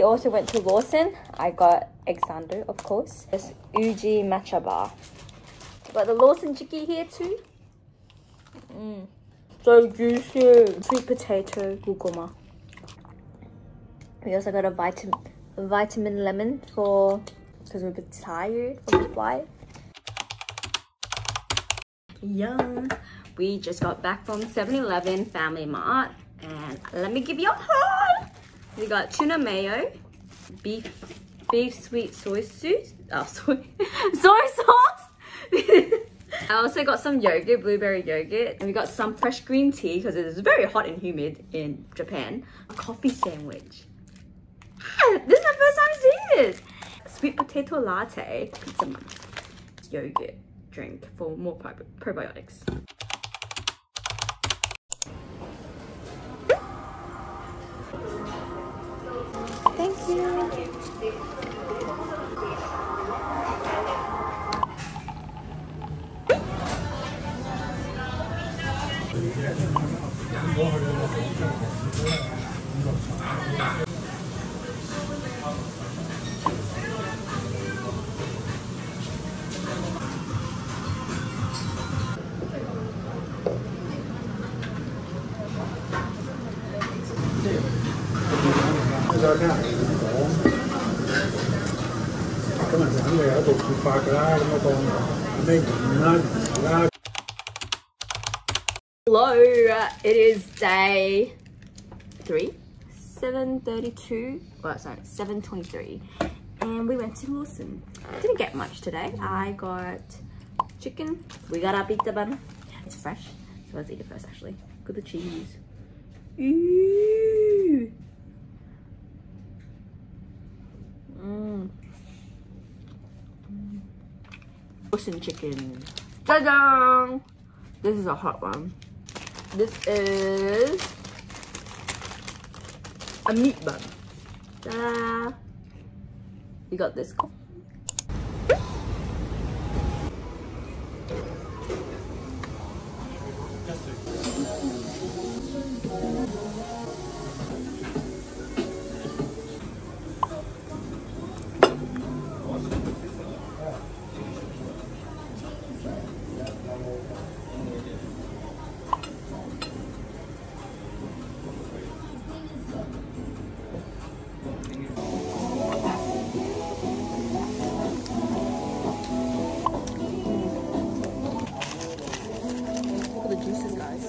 We also went to Lawson. I got Alexander, of course. This Uji matcha bar. Got the Lawson Chiki here too. Mm. So juicy. Sweet potato guguma. We also got a vitamin vitamin lemon for because we're a bit tired from the flight. Yum. We just got back from 7-Eleven Family Mart and let me give you a hug. We got tuna mayo, beef, beef sweet soy sauce, oh, soy, soy sauce. I also got some yogurt, blueberry yogurt, and we got some fresh green tea because it is very hot and humid in Japan. A coffee sandwich. Ah, this is my first time seeing this. Sweet potato latte, pizza yogurt drink for more probiotics. 大家係咁講，咁啊梗係有一度説法㗎啦，咁啊當咩鹽啦、魚啦、Hello, it is day three, 7.32, well sorry, 7.23 and we went to Lawson. Didn't get much today. I got chicken, we got our pizza bun. It's fresh, so let's eat it first actually. Look at the cheese. Ooh. Mmm. Lawson chicken. Ta-da! This is a hot one. This is a meat bun. Ta-da! We got this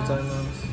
ございます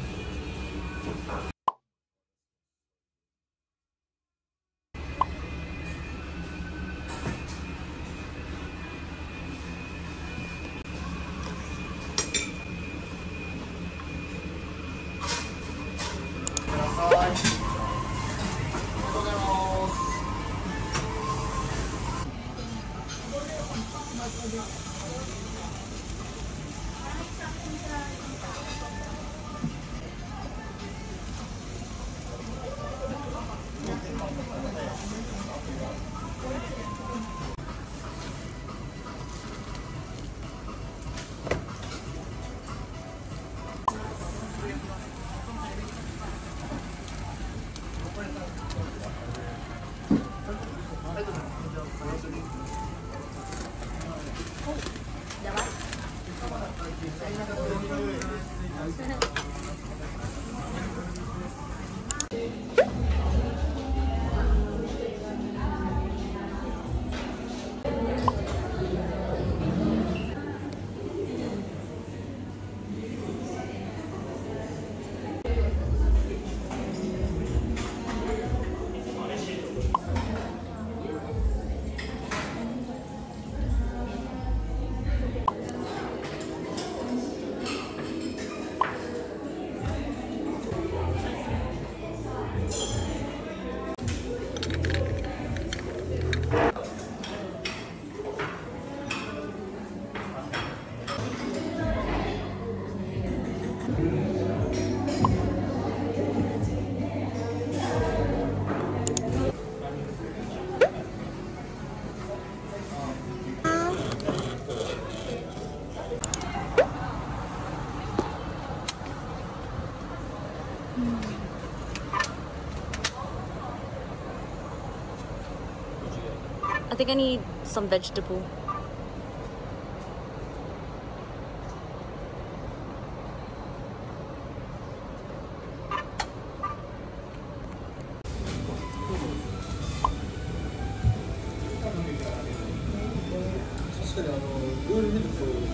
I think I need some vegetable.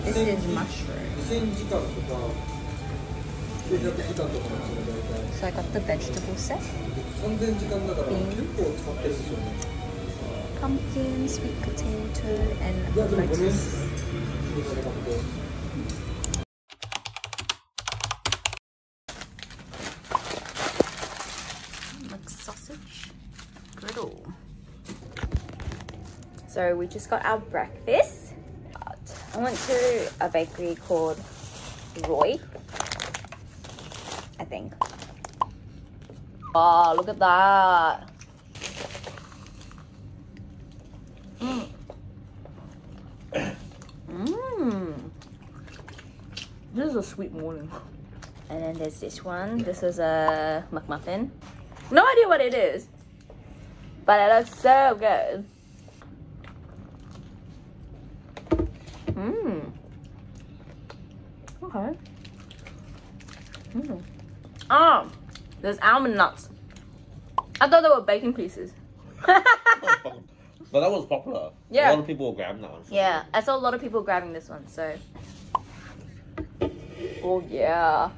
This is mushroom. So I got the vegetable set. Beans, pumpkin, sweet potato, and lettuce. sausage griddle. So we just got our breakfast. I went to a bakery called Roy I think. Oh, look at that. Mmm. Mmm. This is a sweet morning. And then there's this one. This is a McMuffin. No idea what it is. But it looks so good. Mmm. Okay. Mmm. Oh, there's almond nuts. I thought they were bacon pieces. But that was popular. Yeah. A lot of people were grabbing that one. Yeah, I saw a lot of people grabbing this one, so. Oh, yeah.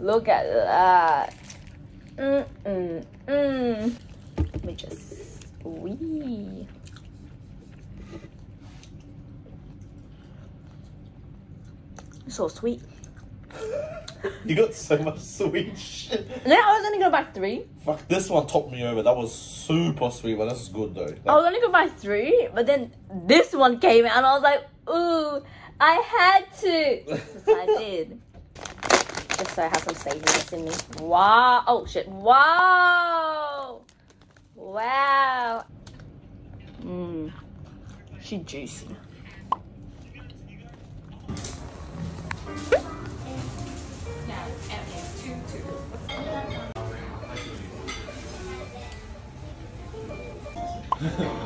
Look at that. Mm mm mm. Let me just. Wee. So sweet. You got so much sweet shit. Yeah, I was only gonna buy three. Fuck, this one topped me over. That was super sweet, but that's good though. That I was only gonna buy three, but then this one came and I was like, ooh, I had to. I did. Just so I have some savings in me. Wow. Oh shit. Wow. Wow. Mmm. She juicy. Yeah.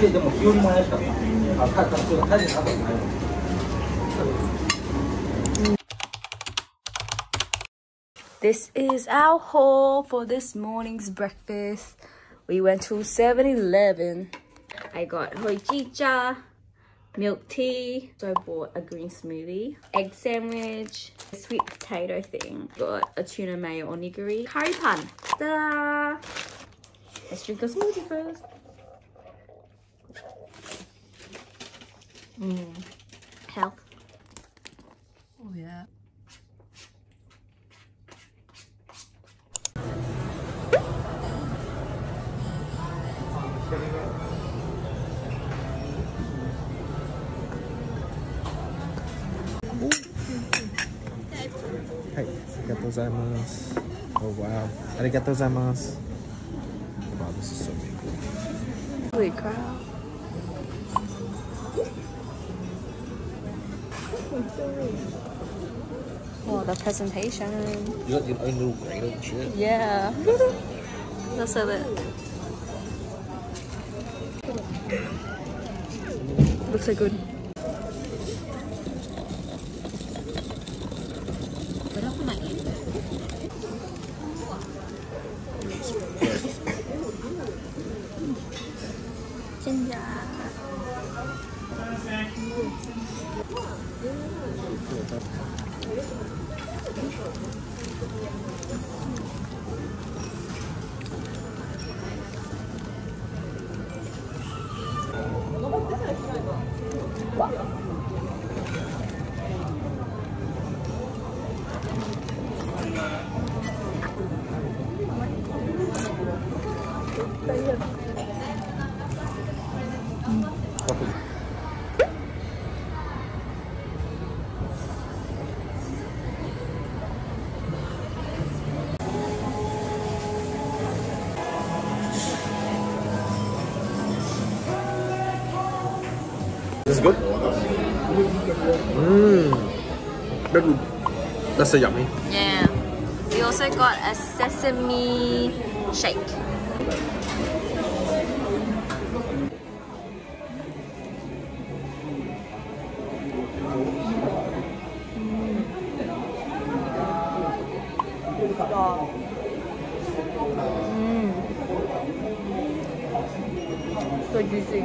This is our haul for this morning's breakfast. We went to 7-Eleven. I got hojicha, milk tea. So I bought a green smoothie, egg sandwich, sweet potato thing. Got a tuna mayo onigiri, curry pan. Ta-da! Let's drink a smoothie first. Mm. Health. Oh yeah. Hey, gozaimasu. Oh wow. Arigatou gozaimasu. Wow, this is so big. Holy crap. Oh, the presentation. You got your own little and shit. Yeah. That's a bit Looks so good. good. Mmm. That would, that's a yummy. Yeah. We also got a sesame shake. Mm. So juicy.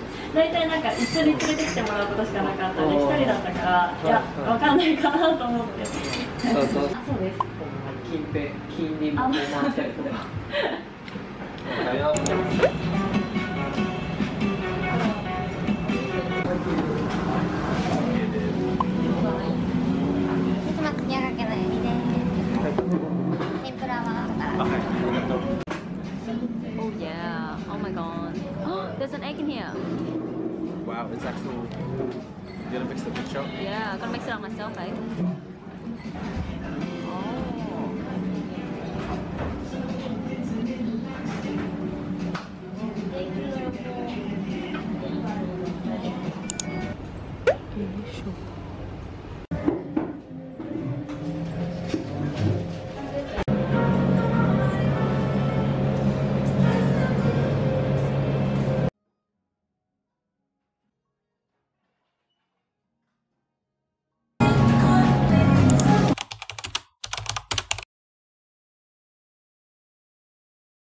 大体なんか一緒に連れてきてもらうことしかなかったんで一人だったからいや分かんないかなと思ってそうそうそうです金辺金隣も回ったうとか